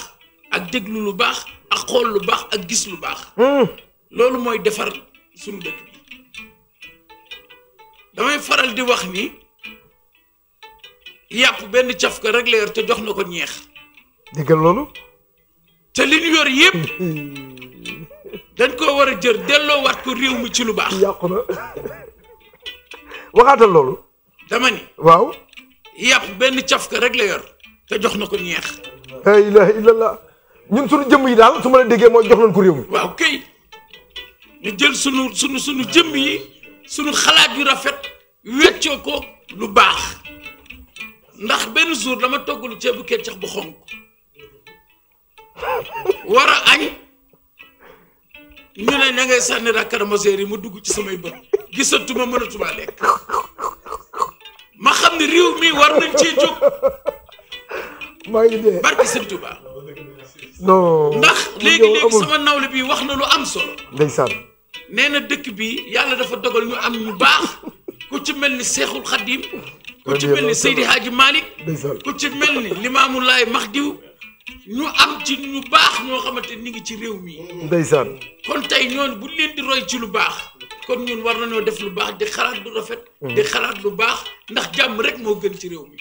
ak déglu lu baax ak xool lu baax ak gis lu baax. Hmm. loolu mooy defar suñu dëkk damay faral di wax ni yàpp benn caf ko rek la yor te jox na ko ñeex. loolu. te li ñu yor koo war a jër delloo waat ko ci lu baax. yàqu na waxaatal loolu. dama ni. waaw. yàpp benn caf ko rek la yor te jox na ko ñeex. ñun suñu jëmm yi daal su ma la déggee mooy jox nañ ko réew mi. waaw kay jël sunu sunu sunu jëmm yi sunu xalaat yu rafet weccoo ko lu baax ndax benn jour dama togg lu ceebu keccax bu xonk war a añ ñu ne na ngay sànni racramosaire yi mu dugg ci samay bët gisatuma mënatuma lekk ma xam ne réew mi war nañ cee jóg. maa ngi dee non ndax léegi-léegi sama nawle bi wax na lu am solo. ndeysaan. nee na dëkk bi yàlla dafa dogal ñu am ñu baax ku ci mel ni Seexul Xadim ku ci mel ni Seydi Hadji Malick ku ci mel ni Limaamu Laay ñu am ci ñu baax ñoo xamante ni ngi ci réew mi. ndeysaan. kon tey ñoon bu leen di roy ci lu baax kon ñun war na ñoo def lu baax di xalaat lu rafet. Hmm. di xalaat lu baax ndax jàmm rek moo gën ci réew mi.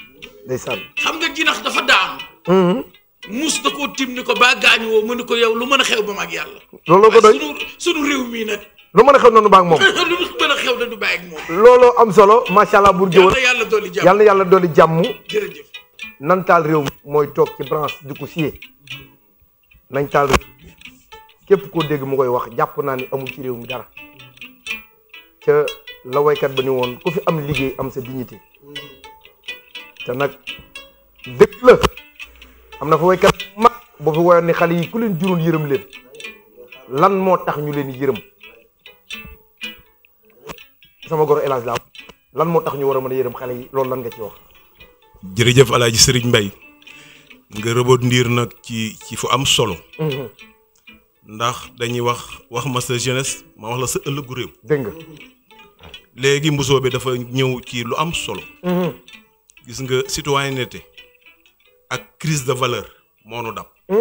xam nga jinax dafa daanu. Hmm. mus na koo tim ni ko baa gaañu woo mu ne ko yow lu mën a xew ba ma ak yàlla. looloo ko doy sunu sunu réew mii na lu mën a xew noonu baa ak moom lu mën a xew du bàyyi ak moom. looloo am solo macha allah. buur jëwal yàlla dolli yàlla yàlla dolli jàmm. jërëjëf nan taal réew mi mooy toog ci branche di ko siyee nañ taal réew képp koo dégg mu koy wax jàpp naa ni amul ci réew mi dara ca la waykat ba ni woon ku fi am liggéey am sa dignité te nag dëkk la. am na fa woykat mag boo fi woyoon ni xale yi ku leen juróon yërëm leen lan moo tax ñu leen yërëm sama goro élage lan moo tax ñu war a mën a yërëm xale yi loolu lan nga ci wax jërëjëf alaaji sëriñ mbay nga rebondir nag ci ci fu am solo mhm. ndax dañuy wax wax ma sa jeunesse ma wax sa ëllëgu réew dégg nga léegi mbusoo bi dafa ñëw ci lu am solo mhm. gis nga citoyenneté ak crise de valeur moo nu dab ca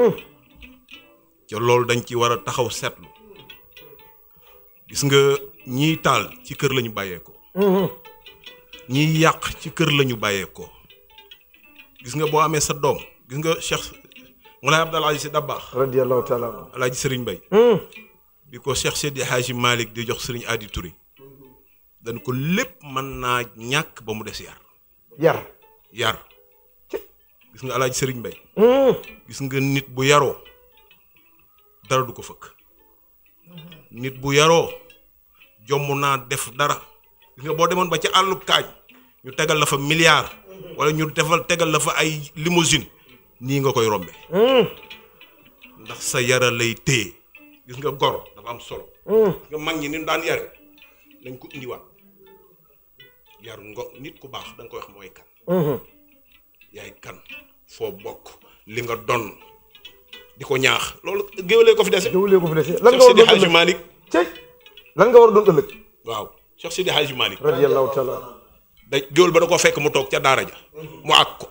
hmm. loolu dañ ci war a taxaw seetlu gis nga ñiy taal ci kër lañu bàyyeekoo hmm. ñiy yàq ci kër lañu bàyyeekoo gis nga boo amee sa doom gis nga Cheikh Moulay Abdal Aziz Sy Dabakh radiyallahu taala alaaji sëriñ Mbay hmm. bi ko Cheikh Seydi Hadji Malick di jox sëriñ Adi Touré dañ ko lépp mën naa ñàkk ba mu des yar yar yar gis nga alaaji sëriñ mbay hmm. gis nga nit bu yaroo dara du ko fëkk nit bu yaroo jomm naa def dara gis nga boo demoon ba ci àllub ñu tegal la fa milliard wala ñu defal tegal la fa ay limousine nii nga koy rombe hmm. ndax sa yara lay téye gis nga gor dafa am solo hmm. nga mag ñi ni daan yare dañ ko indiwaat yar ngo nit ku baax da ko koy mooy kan yaay kan foo bokk li nga don di ko ñaax loolu géwélee ko fi dese. géwélee ko fi dese lan nga war a lan nga war a doon ëllëg. waaw Cheikh Sidi Hadji Malick. radiyallahu taala. da géwél ba da ko fekk mu toog ca daara ja mu àgg ko.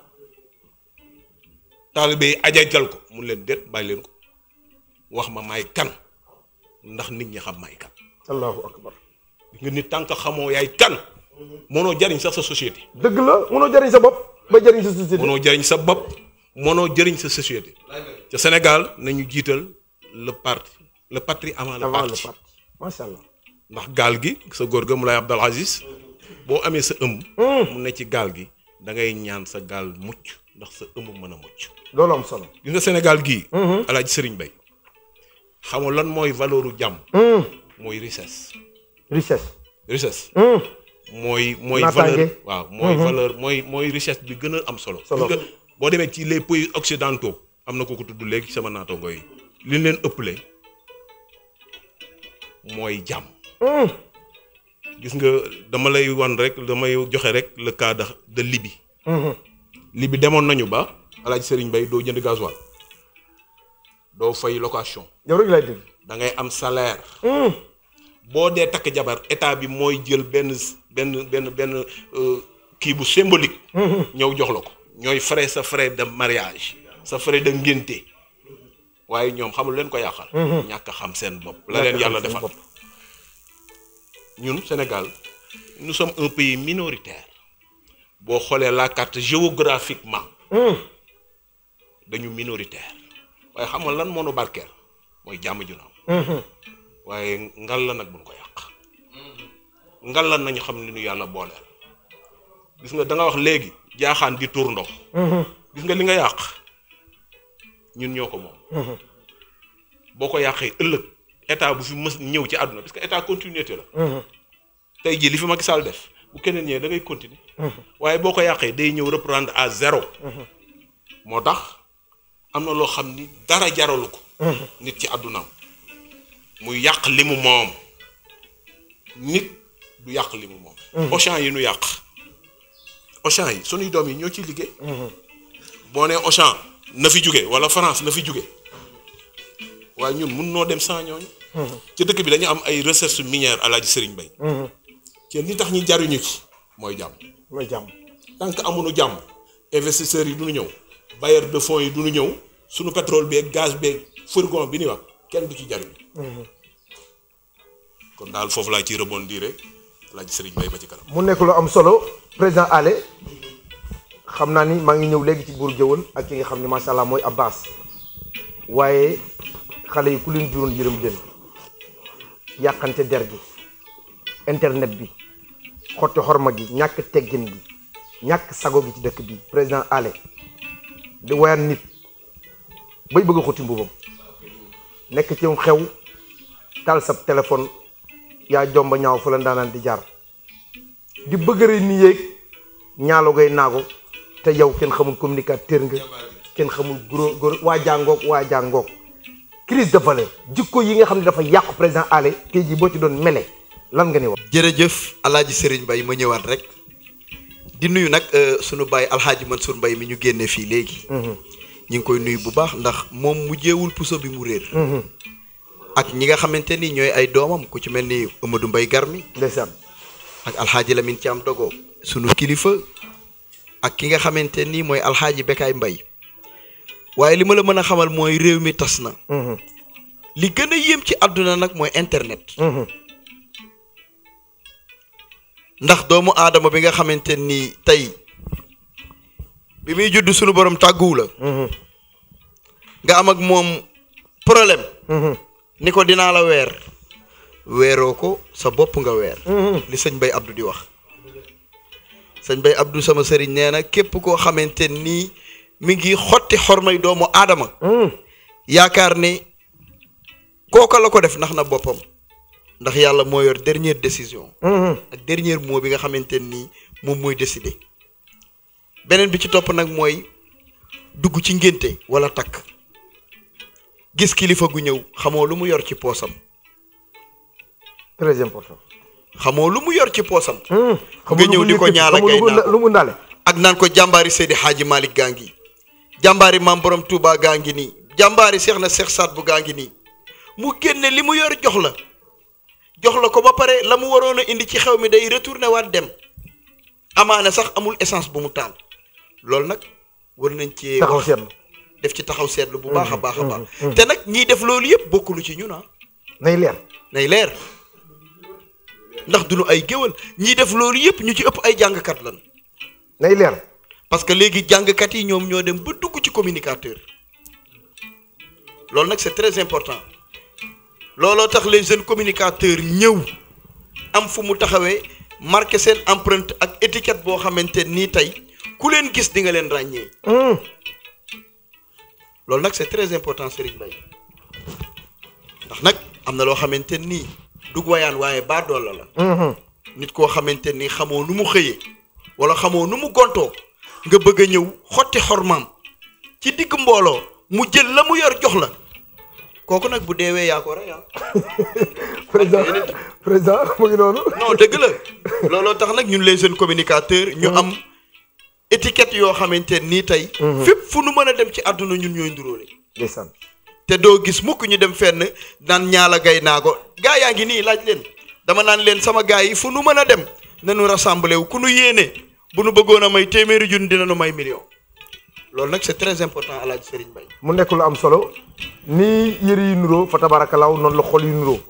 taalibe yi ajajal ko mun leen déet bàyyi leen ko wax ma may kan ndax nit ñi xam maay kan. allahu akbar. nga nit tànk xamoo yaay kan. mënoo jariñ sax sa société. dëgg la mënoo jariñ sa bopp. ba jëriñ sa société mënoo jëriñ sa bopp mënoo jëriñ sa société. ca Sénégal nañu jiital le parti le patrie avant le parti macha ndax gaal gi sa góor ga Moulay Abdal Aziz boo amee sa ëmb. Hmm. mu ne ci gaal gi da ngay ñaan sa gaal mucc ndax sa ëmb mën a mucc. loolu am solo gis nga Sénégal gii. El hmm. Hadj Serigne Bay xam lan mooy valeur u jàmm. Hmm. mooy richesse. richesse. mooy mooy valeur waaw mooy mm-hmm. valeur mooy mooy richesse bi gën a am solo parce boo demee ci les pays occidentaux am na ko ko tudd léegi sama naatango koy li leen ëppale mooy jàmm mm. gis nga dama lay wan rek damay joxe rek le cas de libi mm-hmm. Libye demoon nañu ba Alaaji Sëriñ Bay doo jënd gasoil doo fay location yow am salaire mm. boo dee takk jabar état bi mooy jël benn benn benn benn euh, kii bu symbolique. ñëw jox la ko. ñooy frais sa frais de mariage sa frais de ngénte waaye ñoom xamul leen ko yàqal. ñàkk xam seen bopp. la leen yàlla defal ñun Sénégal nous sommes un pays minoritaire boo xoolee la carte géographiquement. Mm. dañu minoritaire waaye xam lan moo nu barkeel mooy jàmm ju naam. Mm-hmm. waaye ngal la nag buñ ko yàq. na ñu xam li nu yàlla boole gis nga danga wax léegi jaaxaan di tuur ndox mhm. gis nga li nga yàq ñun ñoo ko moom mhm. boo ko yàqee ëllëg état bu fi mës ñëw ci àdduna parce que état continuité la mhm. tey jii li fi Macky Sall def bu keneen ñëwee da ngay continuer waaye boo ko yàqee day ñëw reprendre à zéro moo tax am na loo xam ni dara jaralu ko nit ci àddunaam muy yàq li mu moom nit du yàq li mu moom. Mm-hmm. Auchan yi nu yàq. Auchan yi sunuy doom yi ñoo ciy liggéey. Mm-hmm. boo nee Auchan na fi jóge wala France na fi jóge waaye ñun mun noo dem sans ñooñu. Mm-hmm. ci dëkk bi dañu am ay ressources minières alaaji Serigne Bay te li tax ñu jariñu ci mooy jàmm. mooy jàmm tant que jàmm investisseurs yi du ñëw bailleurs de fonds yi du ñu ñëw sunu pétrole beeg gaz beeg fourgon bi ni wax kenn du ci jaruñu. kon daal foofu laa ciy rebondir laaj Serigne Mbaye ba ci kanam. mu nekk lu am solo président ale xam naa ni maa ngi ñëw léegi ci buur jëwal ak ki nga xam ne macha allah mooy Abbas waaye xale yi ku leen juróon yërëm leen yàqante der gi internet bi xotti xorma gi ñàkk teggin gi ñàkk sago gi ci dëkk bi président Allé di wayaan nit bay bëgg a xotti mbubam nekk ci xew taal sab téléphone. yaa jomba ñaaw fu la ndaanaan di jar di bëggëre ni yéeg ñaalo gay naago te yow kenn xamul communicateur nga kenn xamul goro goro waa jàngook waa jàngoog crise de valeur jikko yi nga xam ne dafa yàqu président Allé tey jii boo ci doon mele lan nga ni wax jërëjëf alaaji Serigne Mbaye ma ñëwaat rek di nuyu nag euh, sunu bàyyi alxaaji Mansour mbay mi ñu génne fii léegi mhm. ñu ngi koy nuyu bu baax ndax moom mu jéewul puso bi mu réer mhm. ak ñi nga xamante ni ñooy ay doomam ku ci mel ni Amadou mbay Garmi. ndeysaan ak alxaaji ci am Dogo. sunu kilifa ak ki nga xamante ni mooy alxaaji Bekaay Mbaye waaye li ma la mën a xamal mooy réew mi tas na. Mm-hmm. li gën a yéem ci àdduna nag mooy internet. Mm-hmm. ndax doomu aadama bi nga xamante ni tey bi muy judd sunu borom tàgguwu la. Mm-hmm. nga am ak moom problème. ni ko dinaa la weer weeroo ko sa bopp nga weer mm-hmm. li sëñ Bay Abdou di wax sëñ Bay Abdou sama sëriñ nee na képp koo xamante nii mi ngi xotti xormay doomu aadama mm-hmm. yaakaar ni kooka la ko def ndax na boppam ndax yàlla moo yor dernière décision mm-hmm. ak dernier mot bi nga xamante nii moom mooy décider beneen bi ci topp nag mooy dugg ci ngénte wala takk gis kilifa gu ñëw xamoo lu mu yor ci poosam. très important. xamoo lu mu yor ci poosam. Hmm. nga ñëw di ko ñaala gay naa lu mu ndaale ak naan ko jàmbaari Seydi xaaji Malick gaa ngi jàmbaari maam borom Touba gaa ngi nii jàmbaari seex na seex saat bu gaa ngi nii mu génne li mu yor jox la jox la ko ba pare la mu waroon a indi ci xew mi day retourné waat dem amaane sax amul essance bu mu taal loolu nag wër nañ ci wax def ci taxaw seetlu bu baax a baax a mm-hmm. baax mm-hmm. te nag ñiy def loolu yëpp bokkulu ci ñun ah nay leer nay leer ndax du ñu ay géwal ñiy def loolu yëpp ñu ci ëpp ay jàngkat lan nay leer parce que léegi jàngkat yi ñoom ñoo dem ba dugg ci communicateur loolu nag c'est très important looloo tax les jeunes communicateurs ñëw am fu mu taxawee marqué seen empreinte ak étiquette boo xamante nii tey ku leen gis di nga leen ràññee mm. loolu nag c'est très important Serigne Mbaye ndax nag am na loo xamante nii dug wayaan waaye baadool la la mm-hmm. nit koo xamante ni xamoo nu mu xëyee wala xamoo nu mu gontoo nga bëgg ñëw xotti xormaam ci digg mbooloo mu jël la mu yor jox la kooku nag bu deewee yaa ko rey ah. président président mu ngi noonu non dëgg la looloo tax nag ñun les jeunes communicateur ñu am mm-hmm. étiquette yoo xamante nii tey. Mhm. fépp fu nu mën a dem ci àdduna ñun ñooy nduróole. ndeysaan te doo gis mukk ñu dem fenn naan ñaala gay naa ko gaa yaa ngi nii laaj leen dama naan leen sama gaa yi fu nu mën a dem nañu rassemblé wu ku nu yéene bu nu bëggoon a may téeméeri dina dinañu may million. loolu nag c'est très important El Hadj Serigne Mbaye. mu nekk lu am solo ni yëri yu nuroo fa tabarakalaw noonu la xol yu nuroo